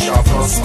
Aisha Frost.